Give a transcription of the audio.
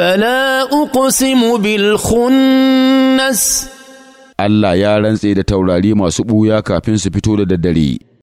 bana فلا أقسم بالخنس Allah ya rantse da taurari masu ɓuya kafin su fito da daddare.